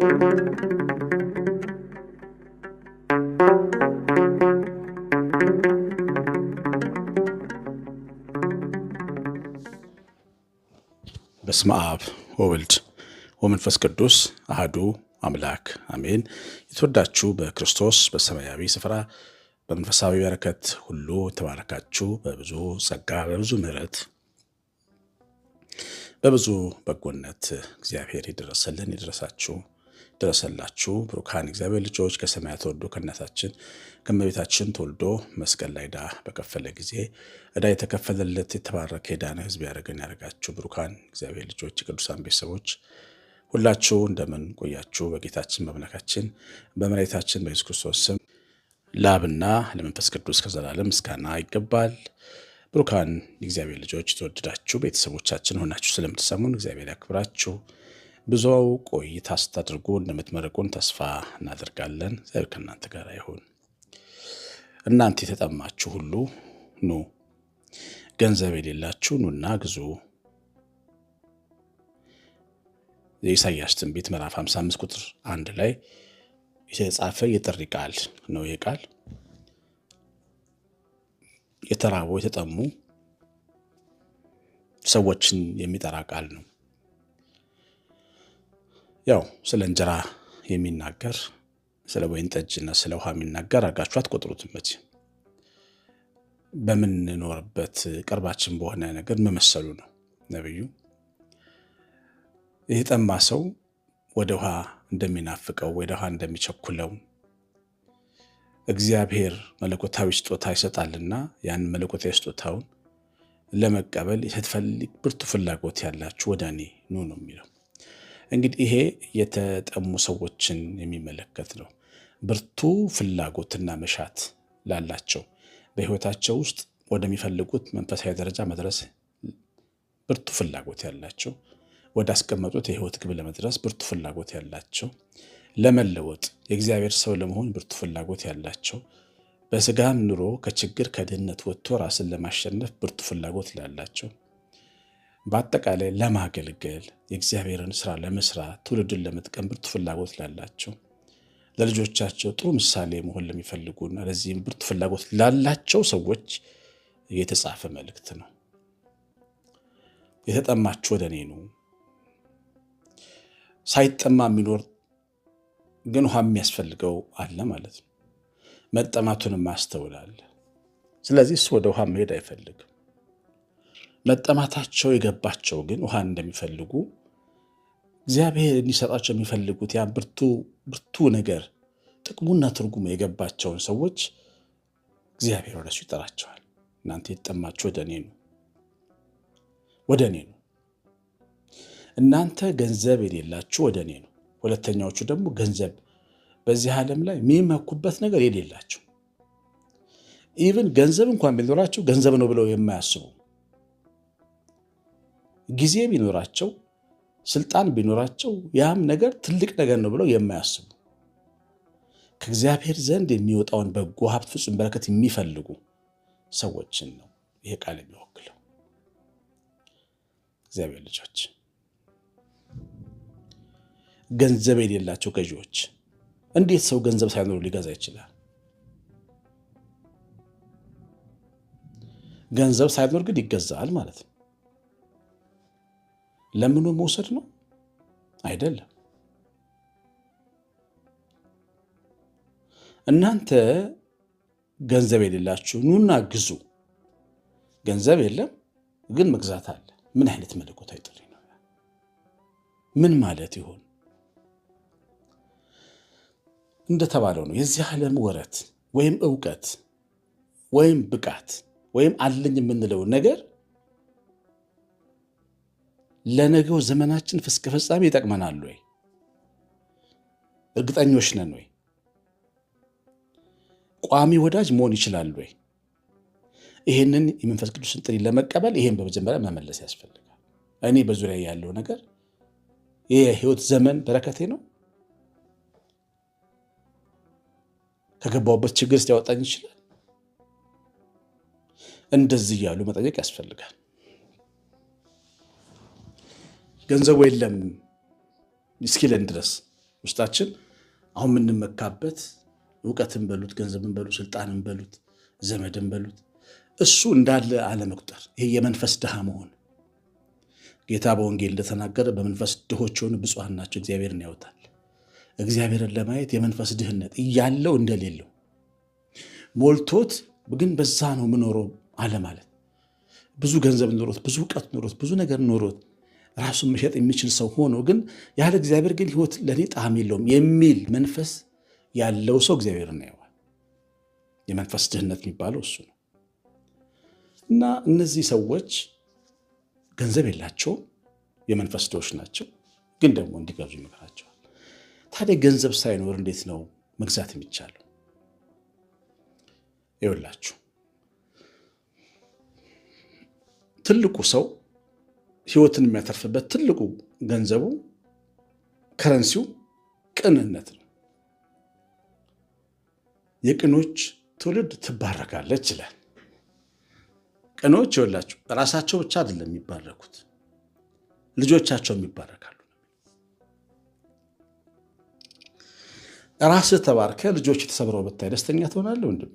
በስመ አብ ወወልድ ወመንፈስ ቅዱስ አህዱ አምላክ አሜን። የተወዳችሁ በክርስቶስ በሰማያዊ ስፍራ በመንፈሳዊ በረከት ሁሉ ተባረካችሁ። በብዙ ጸጋ በብዙ ምሕረት በብዙ በጎነት እግዚአብሔር የደረሰልን የደረሳችሁ ድረሰላችሁ። ብሩካን እግዚአብሔር ልጆች ከሰማያት ወርዶ ከእናታችን ከእመቤታችን ተወልዶ መስቀል ላይ ዕዳ በከፈለ ጊዜ ዕዳ የተከፈለለት የተባረከ የዳነ ሕዝብ ያደረገን ያደረጋችሁ ብሩካን እግዚአብሔር ልጆች የቅዱሳን ቤተሰቦች ሁላችሁ እንደምን ቆያችሁ? በጌታችን በአምላካችን በመድኃኒታችን በኢየሱስ ክርስቶስ ስም ለአብና ለመንፈስ ቅዱስ ከዘላለም ምስጋና ይገባል። ብሩካን እግዚአብሔር ልጆች የተወደዳችሁ ቤተሰቦቻችን ሆናችሁ ስለምትሰሙን እግዚአብሔር ያክብራችሁ። ብዙው ቆይታ ስታደርጉ እንደምትመረቁን ተስፋ እናደርጋለን። እግዚአብሔር ከእናንተ ጋር ይሁን። እናንተ የተጠማችሁ ሁሉ ኑ፣ ገንዘብ የሌላችሁ ኑና ግዙ። የኢሳያስ ትንቢት ምዕራፍ 55 ቁጥር አንድ ላይ የተጻፈ የጥሪ ቃል ነው። ይህ ቃል የተራቡ የተጠሙ ሰዎችን የሚጠራ ቃል ነው። ያው ስለ እንጀራ የሚናገር ስለ ወይን ጠጅና ስለ ውሃ የሚናገር አድርጋችሁ አትቆጥሩትም። በምንኖርበት ቅርባችን በሆነ ነገር መመሰሉ ነው። ነቢዩ ጠማ ሰው ወደ ውሃ እንደሚናፍቀው ወደ ውሃ እንደሚቸኩለው እግዚአብሔር መለኮታዊ ስጦታ ይሰጣልና ያን መለኮታዊ ስጦታውን ለመቀበል ስትፈልግ ብርቱ ፍላጎት ያላችሁ ወደ እኔ ኑ ነው የሚለው። እንግዲህ ይሄ የተጠሙ ሰዎችን የሚመለከት ነው። ብርቱ ፍላጎትና መሻት ላላቸው በህይወታቸው ውስጥ ወደሚፈልጉት መንፈሳዊ ደረጃ መድረስ ብርቱ ፍላጎት ያላቸው ወደ አስቀመጡት የህይወት ግብ ለመድረስ ብርቱ ፍላጎት ያላቸው ለመለወጥ የእግዚአብሔር ሰው ለመሆን ብርቱ ፍላጎት ያላቸው በስጋም ኑሮ ከችግር ከድህነት ወጥቶ ራስን ለማሸነፍ ብርቱ ፍላጎት ላላቸው በአጠቃላይ ለማገልገል የእግዚአብሔርን ስራ ለመስራት ትውልድን ለመጥቀም ብርቱ ፍላጎት ላላቸው ለልጆቻቸው ጥሩ ምሳሌ መሆን ለሚፈልጉና ለዚህም ብርቱ ፍላጎት ላላቸው ሰዎች የተጻፈ መልእክት ነው። የተጠማችሁ ወደ እኔ ነው። ሳይጠማ የሚኖር ግን ውሃ የሚያስፈልገው አለ ማለት ነው። መጠማቱንም አስተውላለ። ስለዚህ እሱ ወደ ውሃ መሄድ አይፈልግም። መጠማታቸው የገባቸው ግን ውሃ እንደሚፈልጉ እግዚአብሔር እንዲሰጣቸው የሚፈልጉት ያ ብርቱ ነገር ጥቅሙና ትርጉሙ የገባቸውን ሰዎች እግዚአብሔር ወደሱ ይጠራቸዋል። እናንተ የተጠማችሁ ወደ እኔ ነው ወደ እኔ ነው። እናንተ ገንዘብ የሌላችሁ ወደ እኔ ነው። ሁለተኛዎቹ ደግሞ ገንዘብ በዚህ ዓለም ላይ የሚመኩበት ነገር የሌላቸው ኢቨን ገንዘብ እንኳን ቢኖራቸው ገንዘብ ነው ብለው የማያስቡ ጊዜ ቢኖራቸው ስልጣን ቢኖራቸው ያም ነገር ትልቅ ነገር ነው ብለው የማያስቡ ከእግዚአብሔር ዘንድ የሚወጣውን በጎ ሀብት ፍጹም በረከት የሚፈልጉ ሰዎችን ነው ይሄ ቃል የሚወክለው። እግዚአብሔር ልጆች፣ ገንዘብ የሌላቸው ገዢዎች። እንዴት ሰው ገንዘብ ሳይኖሩ ሊገዛ ይችላል? ገንዘብ ሳይኖር ግን ይገዛል ማለት ነው። ለምኖ መውሰድ ነው አይደለም። እናንተ ገንዘብ የሌላችሁ ኑና ግዙ። ገንዘብ የለም ግን መግዛት አለ። ምን አይነት መለኮታዊ ጥሪ ነው? ምን ማለት ይሆን? እንደተባለው ነው የዚህ ዓለም ወረት ወይም እውቀት ወይም ብቃት ወይም አለኝ የምንለውን ነገር ለነገው ዘመናችን እስከ ፍጻሜ ይጠቅመናል ወይ? እርግጠኞች ነን ወይ? ቋሚ ወዳጅ መሆን ይችላል ወይ? ይህንን የመንፈስ ቅዱስን ጥሪ ለመቀበል ይህን በመጀመሪያ መመለስ ያስፈልጋል። እኔ በዙሪያ ያለው ነገር የህይወት ዘመን በረከቴ ነው ከገባሁበት ችግር ሊያወጣኝ ይችላል። እንደዚህ እያሉ መጠየቅ ያስፈልጋል። ገንዘቡ የለም እስኪለን ድረስ ውስጣችን አሁን የምንመካበት እውቀትን በሉት ገንዘብን በሉት ስልጣንን በሉት ዘመድን በሉት እሱ እንዳለ አለመቁጠር፣ ይሄ የመንፈስ ድሃ መሆን። ጌታ በወንጌል እንደተናገረ በመንፈስ ድሆች የሆኑ ብፁዓን ናቸው፣ እግዚአብሔርን ያውታል። እግዚአብሔርን ለማየት የመንፈስ ድህነት እያለው እንደሌለው ሞልቶት ግን በዛ ነው የምኖረው አለማለት ብዙ ገንዘብ ኖሮት ብዙ እውቀት ኖሮት ብዙ ነገር ኖሮት ራሱን መሸጥ የሚችል ሰው ሆኖ ግን ያለ እግዚአብሔር ግን ህይወት ለእኔ ጣዕም የለውም የሚል መንፈስ ያለው ሰው እግዚአብሔር እናየዋል። የመንፈስ ድህነት የሚባለው እሱ ነው። እና እነዚህ ሰዎች ገንዘብ የላቸውም፣ የመንፈስ ድሆች ናቸው። ግን ደግሞ እንዲገዙ ይመክራቸዋል። ታዲያ ገንዘብ ሳይኖር እንዴት ነው መግዛት የሚቻለው? ይኸውላችሁ ትልቁ ሰው ህይወትን የሚያተርፍበት ትልቁ ገንዘቡ ከረንሲው ቅንነት ነው። የቅኖች ትውልድ ትባረካለች ይላል። ቅኖች ይወላችሁ ራሳቸው ብቻ አይደለም የሚባረኩት፣ ልጆቻቸውም ይባረካሉ። ራስህ ተባርከ ልጆች ተሰብረው ብታይ ደስተኛ ትሆናለህ ወንድሜ።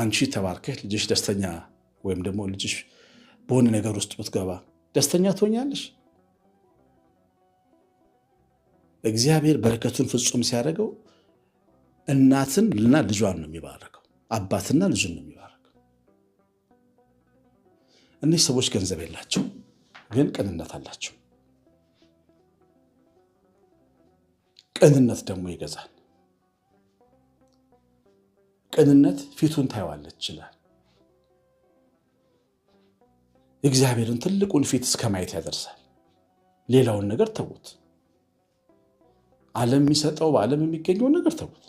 አንቺ ተባርከ ልጅሽ ደስተኛ ወይም ደግሞ ልጅሽ በሆነ ነገር ውስጥ ብትገባ ደስተኛ ትሆኛለሽ? እግዚአብሔር በረከቱን ፍጹም ሲያደርገው ልና ልጇን ነው የሚባረከው፣ አባትና ልጁን ነው የሚባረከው። እነዚህ ሰዎች ገንዘብ የላቸው፣ ግን ቅንነት አላቸው። ቅንነት ደግሞ ይገዛል። ቅንነት ፊቱን ታይዋለች ይችላል የእግዚአብሔርን ትልቁን ፊት እስከ ማየት ያደርሳል። ሌላውን ነገር ተዉት። ዓለም የሚሰጠው በዓለም የሚገኘውን ነገር ተዉት።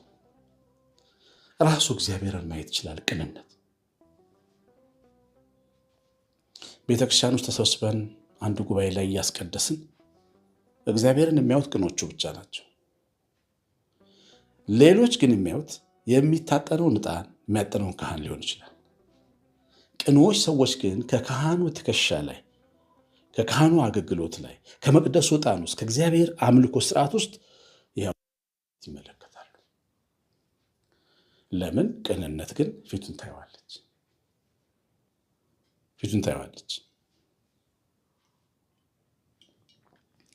ራሱ እግዚአብሔርን ማየት ይችላል። ቅንነት ቤተክርስቲያን ውስጥ ተሰብስበን አንድ ጉባኤ ላይ እያስቀደስን እግዚአብሔርን የሚያዩት ቅኖቹ ብቻ ናቸው። ሌሎች ግን የሚያዩት የሚታጠነውን ዕጣን የሚያጠነውን ካህን ሊሆን ይችላል። ቅኖች ሰዎች ግን ከካህኑ ትከሻ ላይ ከካህኑ አገልግሎት ላይ ከመቅደሱ ዕጣን ውስጥ ከእግዚአብሔር አምልኮ ስርዓት ውስጥ ይመለከታሉ። ለምን? ቅንነት ግን ፊቱን ታየዋለች፣ ፊቱን ታየዋለች።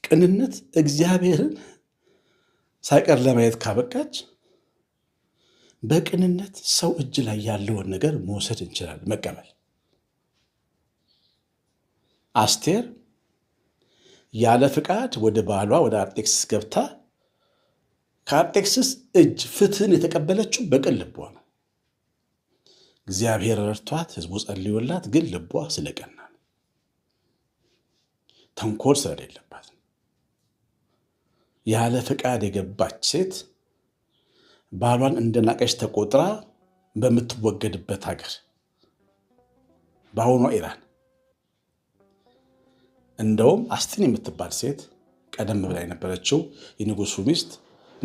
ቅንነት እግዚአብሔርን ሳይቀር ለማየት ካበቃች በቅንነት ሰው እጅ ላይ ያለውን ነገር መውሰድ እንችላለን፣ መቀበል አስቴር ያለ ፍቃድ ወደ ባሏ ወደ አርጤክስስ ገብታ ከአርጤክስስ እጅ ፍትህን የተቀበለችው በቅን ልቧ ነው። እግዚአብሔር ረድቷት፣ ህዝቡ ጸልዮላት፣ ግን ልቧ ስለቀና ተንኮል ስለሌለባት ያለ ፍቃድ የገባች ሴት ባሏን እንደናቀች ተቆጥራ በምትወገድበት ሀገር በአሁኗ ኢራን እንደውም አስጢን የምትባል ሴት ቀደም ብላ የነበረችው የንጉሱ ሚስት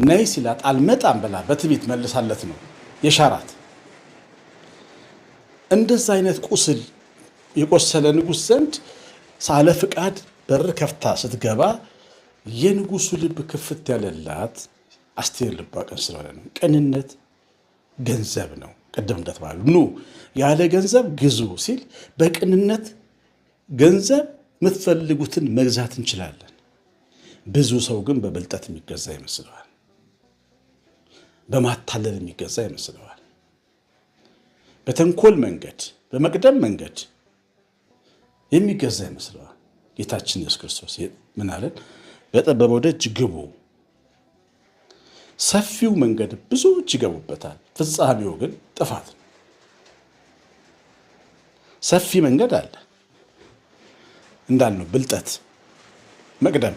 ነይ ሲላት አልመጣም ብላ በትዕቢት መልሳለት ነው የሻራት። እንደዛ አይነት ቁስል የቆሰለ ንጉስ ዘንድ ሳለ ፍቃድ በር ከፍታ ስትገባ የንጉሱ ልብ ክፍት ያለላት አስቴር ልቧ ቅን ስለሆነ ነው። ቅንነት ገንዘብ ነው። ቅድም እንደተባሉ ኑ ያለ ገንዘብ ግዙ ሲል በቅንነት ገንዘብ የምትፈልጉትን መግዛት እንችላለን። ብዙ ሰው ግን በብልጠት የሚገዛ ይመስለዋል፣ በማታለል የሚገዛ ይመስለዋል፣ በተንኮል መንገድ፣ በመቅደም መንገድ የሚገዛ ይመስለዋል። ጌታችን ኢየሱስ ክርስቶስ ምን አለን? በጠበበው ደጅ ግቡ፣ ሰፊው መንገድ ብዙዎች ይገቡበታል፣ ፍጻሜው ግን ጥፋት ነው። ሰፊ መንገድ አለ እንዳልነው ብልጠት፣ መቅደም፣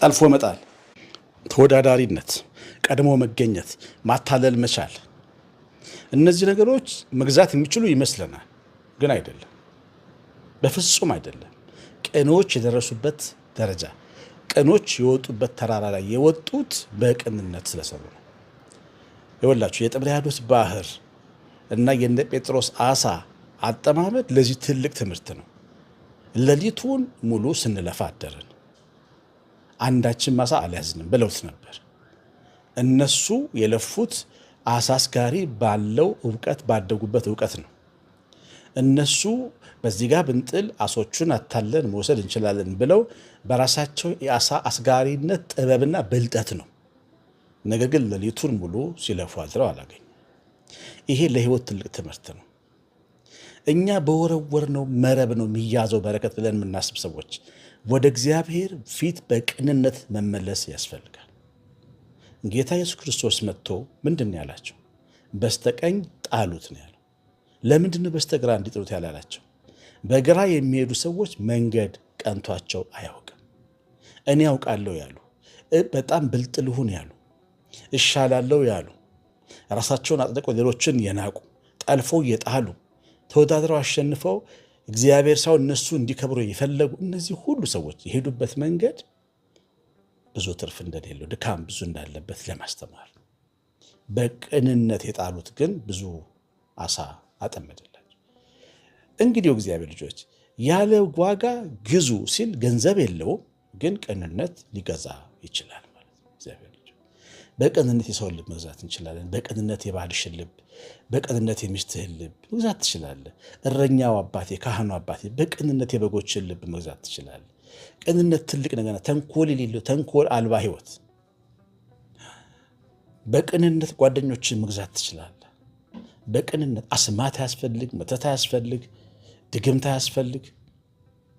ጠልፎ መጣል፣ ተወዳዳሪነት፣ ቀድሞ መገኘት፣ ማታለል መቻል እነዚህ ነገሮች መግዛት የሚችሉ ይመስለናል፣ ግን አይደለም፣ በፍጹም አይደለም። ቅኖች የደረሱበት ደረጃ ቅኖች የወጡበት ተራራ ላይ የወጡት በቅንነት ስለሰሩ ነው። የወላችሁ የጥብርያዶስ ባህር እና የነ ጴጥሮስ አሳ አጠማመድ ለዚህ ትልቅ ትምህርት ነው። ሌሊቱን ሙሉ ስንለፋ አደርን፣ አንዳችን ማሳ አልያዝንም ብለውት ነበር። እነሱ የለፉት አሳስጋሪ ባለው እውቀት ባደጉበት እውቀት ነው። እነሱ በዚህ ጋር ብንጥል አሶቹን አታለን መውሰድ እንችላለን ብለው በራሳቸው የአሳ አስጋሪነት ጥበብና ብልጠት ነው። ነገር ግን ሌሊቱን ሙሉ ሲለፉ አድረው አላገኙ። ይሄ ለህይወት ትልቅ ትምህርት ነው። እኛ በወረወር ነው መረብ ነው የሚያዘው በረከት ብለን የምናስብ ሰዎች ወደ እግዚአብሔር ፊት በቅንነት መመለስ ያስፈልጋል። ጌታ ኢየሱስ ክርስቶስ መጥቶ ምንድን ነው ያላቸው? በስተቀኝ ጣሉት ነው ያለው። ለምንድን ነው በስተግራ እንዲጥሉት ያላላቸው? በግራ የሚሄዱ ሰዎች መንገድ ቀንቷቸው አያውቅም። እኔ ያውቃለሁ ያሉ፣ በጣም ብልጥ ልሁን ያሉ፣ እሻላለሁ ያሉ፣ ራሳቸውን አጥደቀው ሌሎችን የናቁ ጠልፎ የጣሉ ተወዳድረው አሸንፈው እግዚአብሔር ሰው እነሱ እንዲከብሩ የፈለጉ እነዚህ ሁሉ ሰዎች የሄዱበት መንገድ ብዙ ትርፍ እንደሌለው ድካም ብዙ እንዳለበት ለማስተማር በቅንነት የጣሉት ግን ብዙ አሳ አጠመደላቸው። እንግዲህ እግዚአብሔር ልጆች ያለ ዋጋ ግዙ ሲል ገንዘብ የለውም፣ ግን ቅንነት ሊገዛ ይችላል ማለት ነው። በቅንነት የሰውን ልብ መግዛት እንችላለን። በቅንነት የባልሽን ልብ፣ በቅንነት የሚስትህን ልብ መግዛት ትችላለህ። እረኛው አባቴ፣ ካህኑ አባቴ፣ በቅንነት የበጎችን ልብ መግዛት ትችላለህ። ቅንነት ትልቅ ነገር፣ ተንኮል የሌለው ተንኮል አልባ ህይወት። በቅንነት ጓደኞችን መግዛት ትችላለህ። በቅንነት አስማት አያስፈልግ፣ መተት አያስፈልግ፣ ድግምት አያስፈልግ፣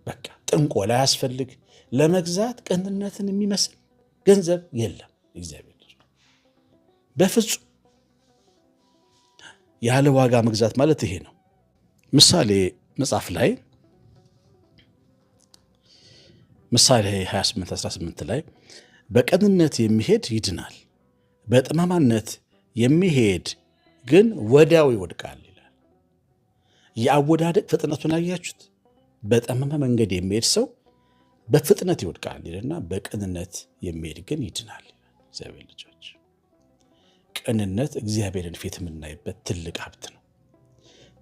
በቃ ጥንቆላ አያስፈልግ። ለመግዛት ቅንነትን የሚመስል ገንዘብ የለም እግዚአብሔር በፍጹም ያለ ዋጋ መግዛት ማለት ይሄ ነው። ምሳሌ መጽሐፍ ላይ ምሳሌ 2818 ላይ በቅንነት የሚሄድ ይድናል፣ በጠማማነት የሚሄድ ግን ወዲያው ይወድቃል ይላል። የአወዳደቅ ፍጥነቱን አያችሁት? በጠማማ መንገድ የሚሄድ ሰው በፍጥነት ይወድቃል ይልና በቅንነት የሚሄድ ግን ይድናል። እግዚአብሔር ልጆች ቅንነት እግዚአብሔርን ፊት የምናይበት ትልቅ ሀብት ነው፣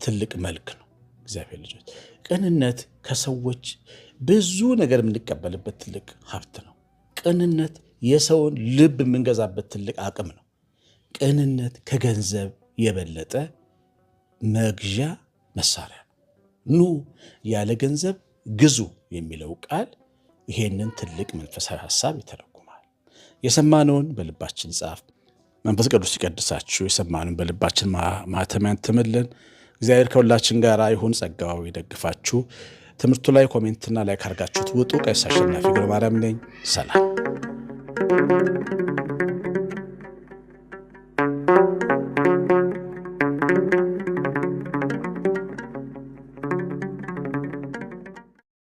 ትልቅ መልክ ነው። እግዚአብሔር ልጆች ቅንነት ከሰዎች ብዙ ነገር የምንቀበልበት ትልቅ ሀብት ነው። ቅንነት የሰውን ልብ የምንገዛበት ትልቅ አቅም ነው። ቅንነት ከገንዘብ የበለጠ መግዣ መሳሪያ ነው። ኑ ያለ ገንዘብ ግዙ የሚለው ቃል ይሄንን ትልቅ መንፈሳዊ ሀሳብ ይተረጉማል። የሰማነውን በልባችን ጻፍ። መንፈስ ቅዱስ ይቀድሳችሁ፣ የሰማንን በልባችን ማህተም ያትምልን። እግዚአብሔር ከሁላችን ጋር ይሁን፣ ጸጋው ይደግፋችሁ። ትምህርቱ ላይ ኮሜንትና ላይክ አድርጋችሁት ውጡ። ቀሲስ አሸናፊ ገብረማርያም ነኝ። ሰላም